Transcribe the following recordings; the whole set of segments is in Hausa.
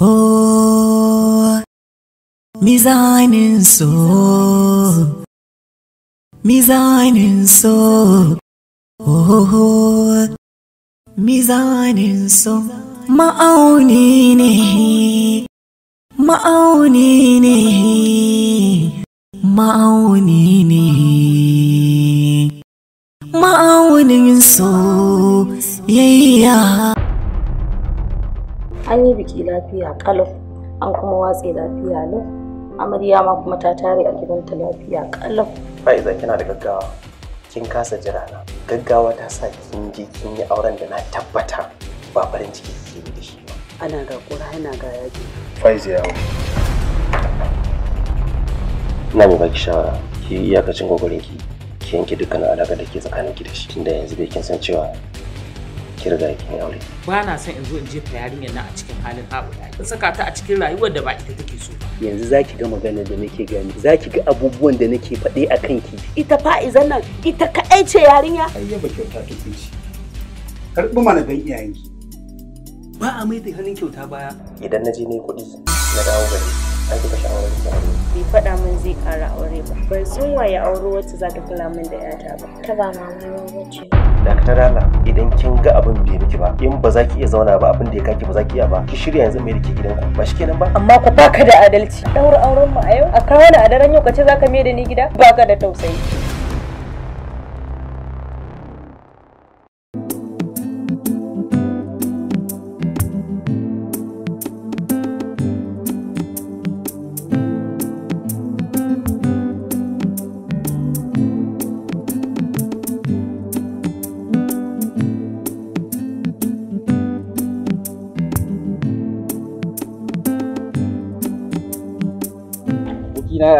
hô mi seinen Sohn, mi seinen Sohn, oh, mi seinen Sohn. Ma'auni ne, ma'auni ne, ma'auni ne, ma'aunin so, yeah. an yi biki lafiya kalau an kuma watse lafiya lau amarya ma kuma ta tare a gidanta lafiya kalau zan kina da gaggawa kin kasa jira na gaggawa ta sa kin je kin yi auren da na tabbata ba farin ciki ke yi da shi ba ana ga kura ana ga yaji faiza yawo na ba ki shawara ki iyakacin gwagwarin ki ki yanke dukkan alaƙar da ke tsakanin ki da shi tunda yanzu bai kin san cewa Kirga riga ki aure ba na son in zo in jefa yarinyar nan a cikin halin haɓuya in saka ta a cikin rayuwar da ba ita take so yanzu za ki ga maganar da nake gani ki ga abubuwan da nake faɗe a kan ki. ita izan nan ita kaɗai ce yarinya ba kyauta ta ce karɓi mana dan iyayenki ba a mai da hannun kyauta baya idan na je ne kuɗi na dawo gari an kika shawarar da bai faɗa min zai ƙara aure ba ban san waye auro wacce za ta kula min da yata ba ta ba mama wace Dr. Dala idan kin ga abin bai miki ba in ba za ki iya zauna ba abin da ya kaki ba za ki iya ba ki shirya yanzu mai dake gidanku ba shi kenan ba amma ku baka da adalci ɗaura auren mu a yau a kawo na a daren yau kace ka mai da ni gida baka da tausayi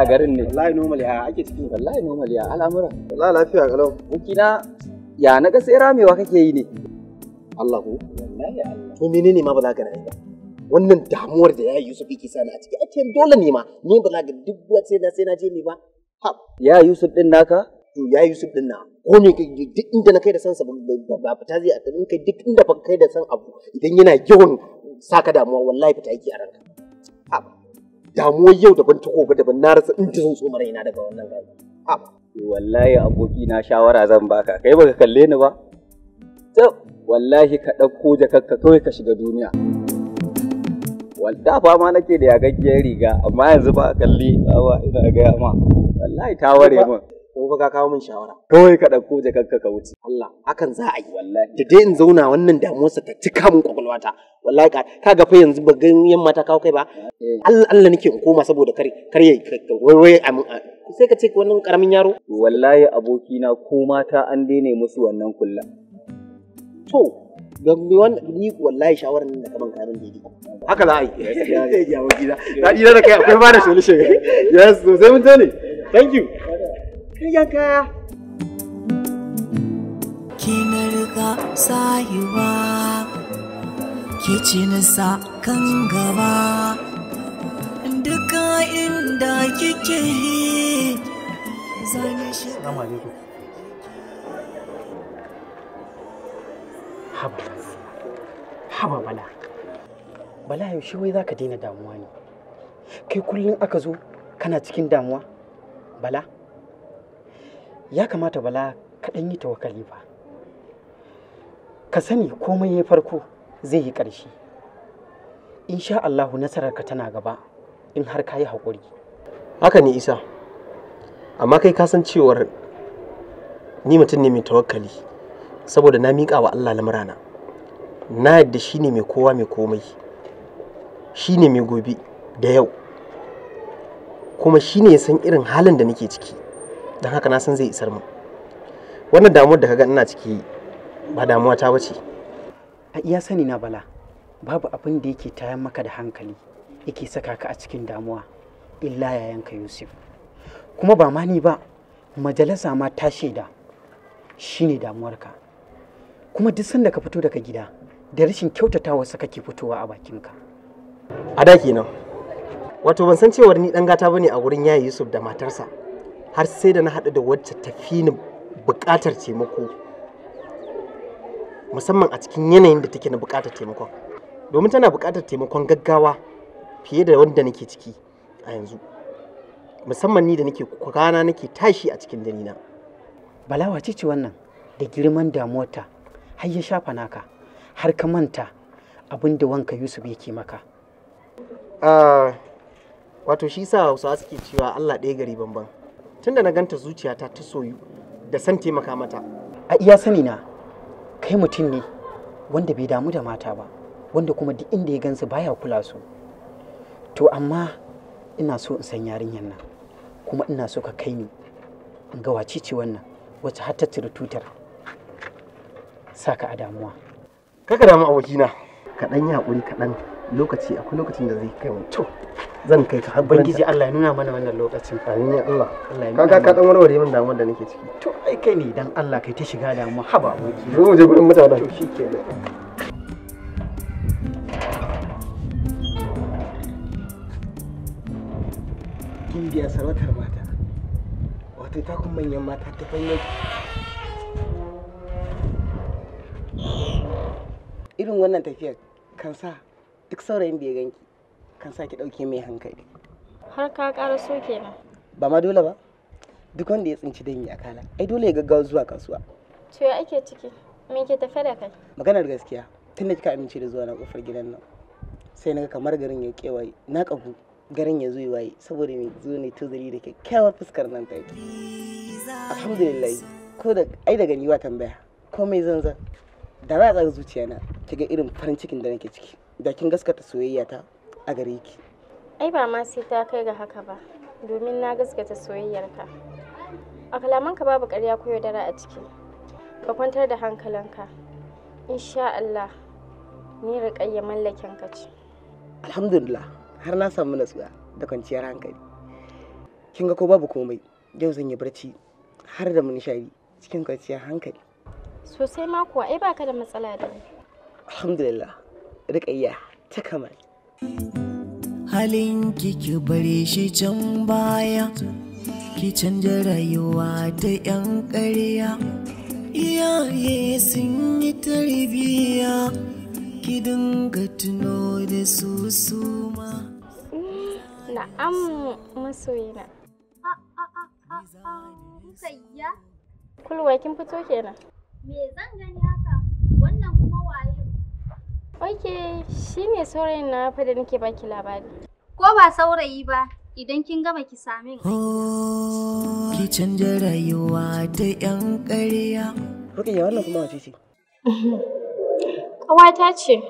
ya garin ne wallahi normal ya ake cikin wallahi normal ya al'amura wallahi lafiya kalau na ya na ga sai ramewa kake yi ne Allah ko wallahi Allah to menene ma ba za ka rayu ba wannan damuwar da ya Yusuf yake sana a ciki ake dole ne ma ni ba za ka duk sai na sai na je ne ba ha ya Yusuf din naka to ya Yusuf din na ko me duk inda na kai da san sa ba fita zai a kai duk inda ba kai da san abu idan yana yawan saka damuwa wallahi fita yake a ranka damuwar yau daban ta gobe daban na rasa in ta zan tsoma raina daga wannan rayuwa. Wallahi aboki na shawara zan baka kai baka kalle ni ba. To wallahi ka ɗauko jakarka kawai ka shiga duniya. Wadda fama nake da yagaggiyar riga amma yanzu ba kalli ba ina gaya ma wallahi ta ware min. ko ka kawo min shawara kawai ka ɗauko jakarka ka wuce Allah hakan za a yi wallahi da dai in zauna wannan damuwarsa ta cika min kwakwalwata wallahi ka kaga fa yanzu ba ganyen ta kawo kai ba eh. Allah Allah nake in koma saboda kare kare wai amin uh, sai ka ce wannan karamin yaro wallahi abokina ko mata an daina musu wannan kullum to ni wallahi shawarar nan da ka banka da daidai haka za a yi gaskiya ya gida da kai akwai ba da solution yes so sai mun ne thank you yanka kina riga sayuwa kicin sa kan gaba duka inda kike zane bala yaushe wai zaka daina damuwa ne kai kullum aka zo kana cikin damuwa bala ya kamata bala kaɗan yi tawakali ba ka sani komai ya farko zai yi ƙarshe insha Allahu nasararka tana gaba in har ka yi haƙuri haka ne isa amma kai ka san cewar ni mutum ne mai tawakkali saboda na miƙa wa Allah lamurana na yadda shi ne mai kowa mai komai shi ne mai gobe da yau kuma shi ne ya san irin halin da nake ciki don haka na san zai isar mu wannan damuwar da kaga ina ciki ba damuwa ta bace a iya sani na bala babu abin da yake tayar maka da hankali yake saka ka a cikin damuwa illa ka yusuf kuma ba ma ni ba majalisa ma ta shaida shine damuwarka kuma duk sanda ka fito daga gida da rashin kyautata wasu kake fitowa a bakinka a da kenan wato ban san cewar ni dan gata bane a gurin yayi yusuf da matarsa har sai da na haɗu da wacce tafi ni buƙatar taimako musamman a cikin yanayin da take na buƙatar taimakon domin tana buƙatar taimakon gaggawa fiye da wanda nake ciki a yanzu musamman ni da nake kwana nake tashi a cikin dare na balawa ce ce wannan da girman damuwarta har ya shafa naka har ka manta abin da wanka yusuf yake maka ah, wato shi sa hausawa suke cewa allah ɗaya gari bamban tunda na ganta zuciyata ta soyu da san taimaka mata a iya sani na kai mutum ne wanda bai damu da mata ba wanda kuma duk inda ya gansu baya kula su to amma ina so in san yarinyar nan kuma ina so ka kai ni in ga wace ce wannan wacce har ta cire tutar saka a damuwa kaka damu abokina kaɗan yi haƙuri kaɗan lokaci akwai lokacin da zai kai to zan kai ka ubangiji Allah ya nuna mana wannan lokacin amin ya Allah Allah ya ka dan warware min damuwar da nake ciki to ai kai ne dan Allah kai ta shiga damuwa haba aboki zo mu je gurin mutane to shikenan Indiya sarautar mata wato ta kun manyan mata ta fannin irin wannan tafiyar kan sa duk saurayin bai ganki kan sake ɗauke mai hankali har ka ƙara so kenan ba ma dole ba duk wanda ya tsinci dan ya kala ai dole ya gaggawa zuwa kasuwa to ya ake ciki me ke tafe da kai maganar gaskiya tun da kika amince da zuwa na kofar gidan nan sai naga kamar garin ya kewaye na kagu garin ya zo waye saboda mai zo ne tuzuri da kyakkyawar fuskar nan ta alhamdulillah ko da ai da gani wa tambaya komai zanzan da za a zuciya na kiga irin farin cikin da nake ciki da kin gaskata soyayya ta a gare ki ai ba ma sai ta kai ga haka ba domin na gaskata soyayyarka a kalamanka babu ƙarya ko yaudara a ciki ka kwantar da hankalinka insha Allah ni riƙayya mallakin ka ce alhamdulillah har na samu natsuwa da kwanciyar hankali kin ga ko babu komai yau zan yi barci har da munishari cikin kwanciyar hankali sosai ma kuwa ai baka da matsala da ni alhamdulillah riƙayya ta kamar halin ki bare shi can baya ki canja rayuwa ta 'yan ƙarya iyaye sun yi tarbiya ki dinga tuno da su suma na'am masoyina kulwa kin fito kenan me zan gani haka Ok, shi ne saurayin na fa da nake baki labari. Ko ba saurayi ba, idan kin gama ki sami. ni. Oh, ki canja rayuwa ta 'yan ƙarya. Rukiya wannan kuma wace ce? Ƙawata ce,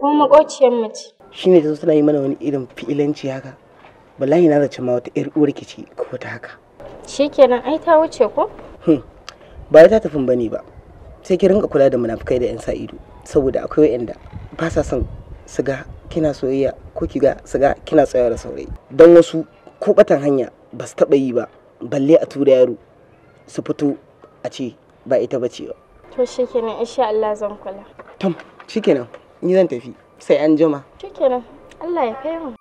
kuma maƙociyar mace. Shi ne ta zo tana yi mana wani irin fi'ilanci haka. Wallahi na zace ma wata 'yar uwar ki ce ko ta haka. Shikenan ai ta wuce ko? Hmm, ba ta tafin bane ba. Sai ki rinka kula da munafukai da 'yan sa ido. saboda akwai wa'anda ba sa son su ga kina soyayya ko ki ga su ga kina tsayawa da saurayi don wasu ko batan hanya ba su taɓa yi ba balle a tura yaro su fito a ce ba ita ba ce ba to shikenan insha Allah zan kula tom shikenan ni zan tafi sai an jima shikenan Allah ya kai mu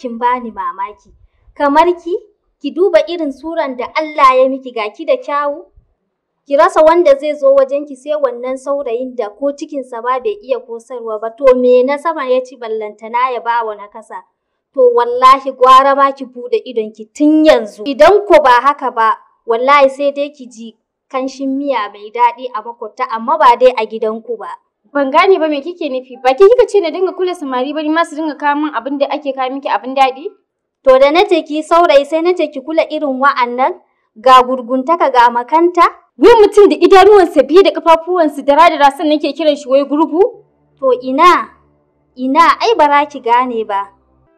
kin bani mamaki. Kamar ki, ki duba irin suran da Allah ya miki ga ki da kyawu. Ki rasa wanda zai zo wajen ki sai wannan saurayin da ko cikinsa ba bai iya kosarwa ba, to me na sama ya ci ballantana ya ba wa na kasa. To wallahi gwara ma ki bude idon ki tun yanzu. Idan ko ba haka ba, wallahi sai dai ki ji kanshin miya mai daɗi a makwabta amma ba dai a gidanku ba. Ban gane ba me kike nufi? Ba ki kika ce na dinga kula samari ba ni ma su dinga kawo min abin da ake kawo miki abin daɗi? To da nace ki saurayi sai nace ki kula irin wa'annan ga gurguntaka ga makanta. Wai mutum da idanuwansa biyu da kafafuwansa da radara sannan ke kiran shi wai gurgu? To ina ina ai bara ki gane ba.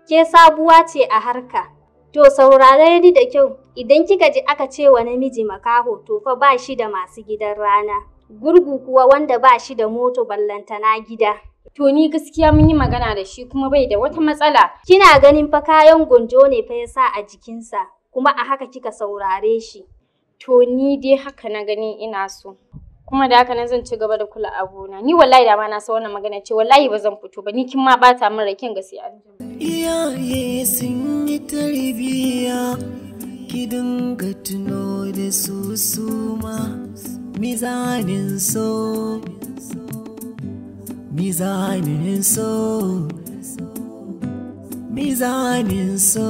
Ke sabuwa ce a harka. To saurare ni da kyau idan kika ji aka ce wa namiji makaho to fa ba shi da masu gidan rana. gurgu kuwa wanda ba shi da moto ballantana gida. To ni gaskiya mun yi magana da shi kuma bai da wata matsala. Kina ganin fa kayan gonjo ne fa ya sa a jikinsa kuma a haka kika saurare shi. To ni dai haka na gani ina so. Kuma da haka nan zan ci gaba da kula abuna. Ni wallahi da ma na san wannan magana ce wallahi ba zan fito ba ni kin ma bata min rakin gaskiya. Iyaye sun yi tarbiya ki dinga tuno da su ma. mizanin so mizanin so mizanin so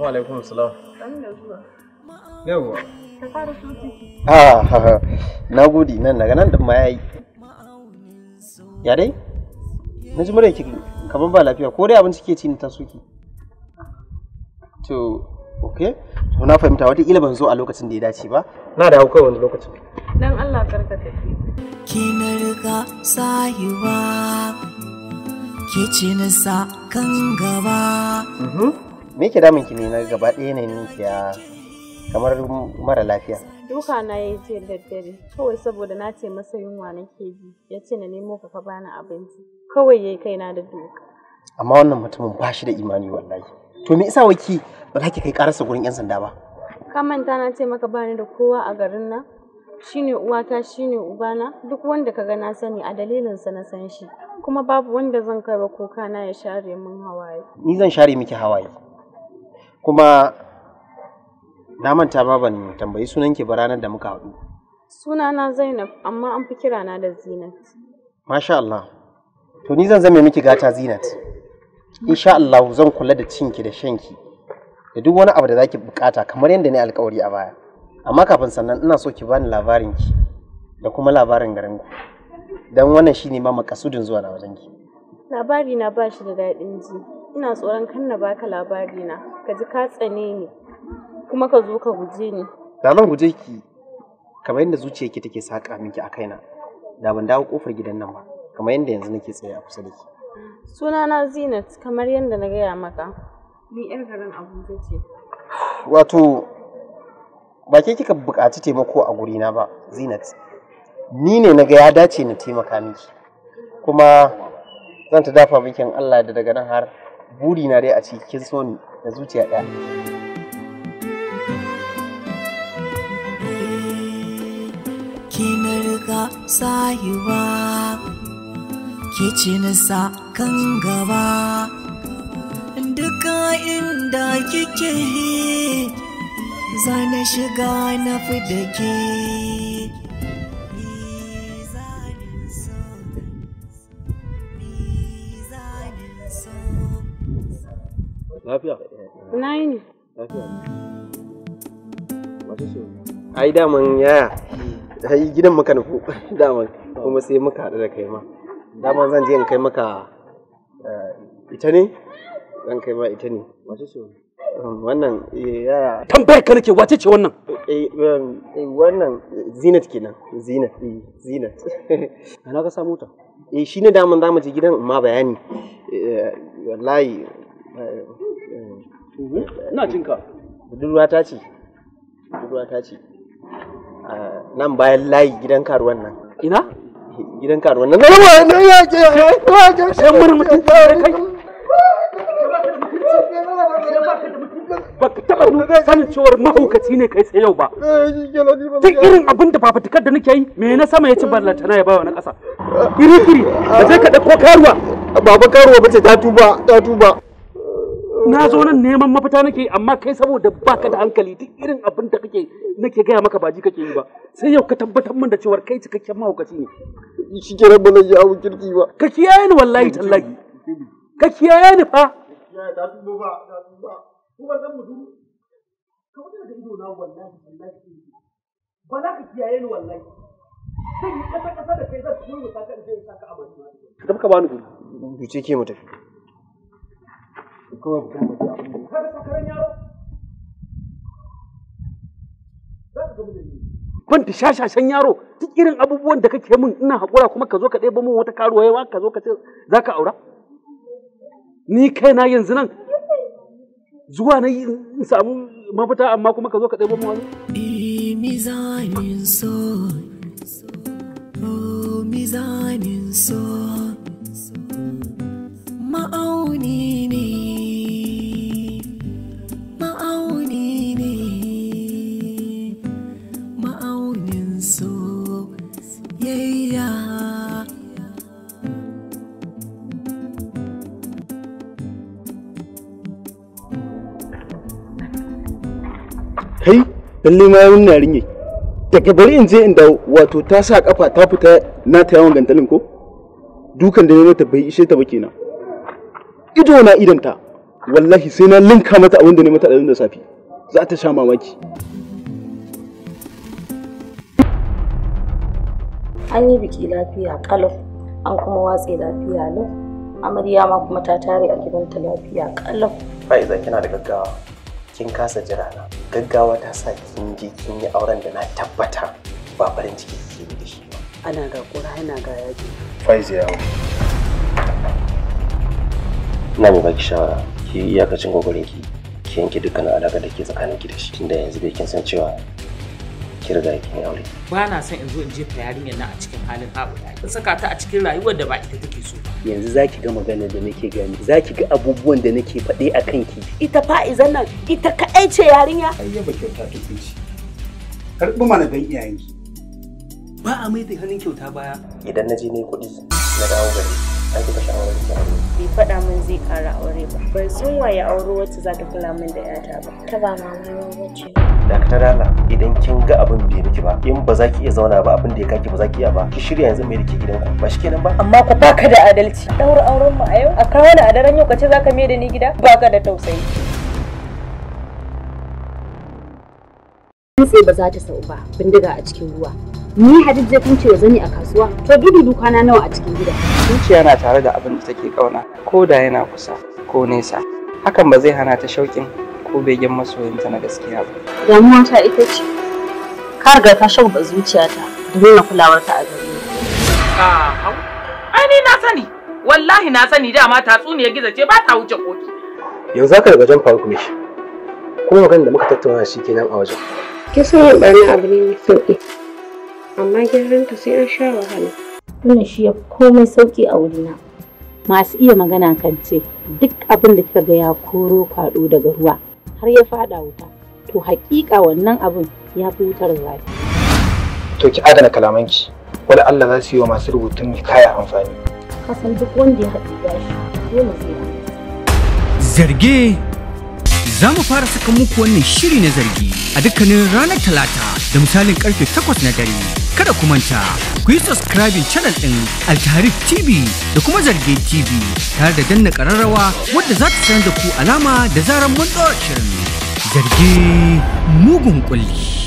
wa alaikum salam yawwa ah, na gode nan daga nan din ma yayi ya dai na ji murai kaman ba lafiya ko dai abinci ke ci ni ta soki to okay to na fahimta wataƙila ban zo a lokacin da ya dace ba na da hauka wani lokacin dan Allah karka tafi kina riga sayuwa kici na sa kan gaba mhm. me ke damun ki ne na gaba ɗaya ne ki ya kamar mara lafiya duka na ya ce daddare kawai saboda na ce masa yunwa nake ji ya ce na nemo ka ka bani abinci kawai yayi kaina da duka amma wannan mutumin ba shi da imani wallahi to me yasa waki ba za ki kai karasa gurin yan sanda ba ka manta na ce maka bani da kowa a garin nan shine uwata shine ubana duk wanda kaga na sani a dalilin sa na san shi kuma babu wanda zan kai kuka na ya share min hawaye ni zan share miki hawaye kuma na manta ba ban tambayi sunan ki ba ranar da muka haɗu sunana Zainab amma an fi kirana da Zinat masha Allah to ni zan zame miki gata Zinat insha Allah zan kula da cinki da shanki da duk wani abu da zaki bukata kamar yadda ne alkawari a baya amma kafin sannan ina so ki bani labarin ki da kuma labarin garin ku dan wannan shine ma makasudin zuwa na wajen ki labari na ba shi da daɗin ji ina tsoron kan na baka labari na ka ji ka tsane ni kuma ka zo ka guje ni da nan guje ki kamar yadda zuciyarki take saka miki a kaina da ban dawo kofar gidan nan ba kamar yadda yanzu nake tsaye a kusa da ki Sunana Zinat kamar yadda na gaya maka. Ni 'yar garin Abuja ce. Wato ba ke kika buƙaci taimako a gurina ba Zinat. Ni ne na gaya dace na taimaka miki. Kuma zan ta dafa mikin Allah da daga nan har buri na dai a cikin son da zuciya ɗaya. Ki na riga sayuwa kicin sa kan gaba duka inda kike zana shiga na fi da ke lafiya na yi ne lafiya masu so ai daman yaya ai gidan muka nufu daman kuma sai muka haɗu da kai ma dama zan je in kai maka eh, ita ne zan kai ma ita ne wace ce wannan um, eh, ya tambayar ka nake wace ce wannan eh, um, wannan zinat kenan zinat zinat ana ka samu ta eh shine daman zamu je gidan ma bayani wallahi ina jin ka budurwa ta ce budurwa ta ce nan bayan layi gidan karuwan nan ina gidan karuwan nan zama ne ya ke yan murmutin kai baka taba sanin cewar mahaukaci ne kai sai yau ba eh, duk irin abin da fafatikar da nake yi me na sama ya ci ballanta na ya bawa na kasa iri iri ka je ka ɗauko karuwa baba karuwa bace ta tuba ta tuba na zo nan neman mafita nake amma kai saboda baka da hankali duk irin abin da kake nake gaya maka ba ji kake yi ba sai yau ka tabbatar min da cewa kai cikakken mahaukaci ne shi ke rabba ya jawo kirki ba ka kiyaye ni wallahi tallahi ka kiyaye ni fa ba za ka kiyaye ni wallahi sai yi ƙasa-ƙasa da kai yi turmuta ka da je in saka abin da ka bani guri. Duce ke mu tafi. kawai mutum ba abin da yaro za ka gaba da ni ban shashashen yaro duk irin abubuwan da kake min ina haƙura kuma ka zo ka ba min wata karuwa yawa ka zo ka ce za ka aura ni kaina yanzu nan zuwa na yi in samu mafita amma kuma ka zo ka ba min wani. Mizanin so, oh mizanin so, ma'auni ne lalle ma yayin yarinyar daga bari in je in inda wato ta sa kafa ta fita na ta yawan gantalin ko dukan da mata bai ishe ta ba kenan ido na idanta wallahi sai na linka mata abin da ne mata da safi za ta sha mamaki an yi biki lafiya kalau an kuma watse lafiya lau amarya ma kuma ta tare a gidanta lafiya kalau fa'iza kina da gaggawa kin kasa jira na gaggawa ta sa kin je kin yi auren da na tabbata ba farin ciki yi da shi ba ana ga kura ana ga yaji faizi yawo ina mai baki shawara ki iyakacin kokarin ki ki yanke dukkan alaka da ke tsakanin ki da shi tunda yanzu bai kin san cewa Kirga riga kin aure ba na son in zo in jefa yarinyar nan a cikin halin haɓuya in saka ta a cikin rayuwar da ba ita take so ba yanzu ki ga magana da nake gani ki ga abubuwan da nake faɗe a kanki ita fa'izan nan ita kaɗai ce yarinya yaba kyauta ta ce karɓi mana don iyayenki ba a mai da hannun kyauta baya idan na je yi kuɗi na dawo gari an kika sha'awar ki aure bai faɗa min zai ƙara aure ba ban san waye aure wacce za ta kula min da yata ba ta ba mama wacce Daktar Dala idan kin ga abin bai miki ba in ba za ki iya zauna ba abin da ya kaki ba za ki iya ba ki shirya yanzu mai dake gidanku ba shi kenan ba amma ku baka da adalci ɗaura auren mu a yau a kawo da a daren yau kace ka mai da ni gida baka da tausayi dutse ba za ta sau ba bindiga a cikin ruwa ni hadid zai kunce wa zani a kasuwa to dudu na nawa a cikin gida zuciya na tare da abin da take kauna ko da yana kusa ko nesa hakan ba zai hana ta shauƙin ko begen masoyinta na gaskiya ba damuwa ta ita ce ka riga ka shauƙa zuciyata da nuna ta a gare ni ai ni na sani wallahi na sani dama tatsuniyar gizo ce ba ta wuce koki yanzu haka daga jan faruk shi, kuma maganin da muka tattauna shi kenan a wajen ke sanin ɓarni abu ne mai sauƙi amma gyaranta sai an sha wahala. Tuna shi ya komai sauƙi a wurina. Masu iya magana kan ce duk abin da kika ga ya koro kwaɗo daga ruwa har ya faɗa wuta. To haƙiƙa wannan abin ya fi wutar zafi. To ki adana kalamanki, wani Allah za su yi wa masu rubutun kaya amfani. Kasan duk wanda ya haɗu ya shi dole zai Zarge za mu fara saka muku wannan shiri na zargi a dukkanin ranar talata da misalin karfe 8 na dare kada ku manta ku yi subscribing channel din altarif tv da kuma zarge tv tare da danna kararrawa wadda za ta sanar da ku alama da zarar mun ɗora shirin zarge mugun kulli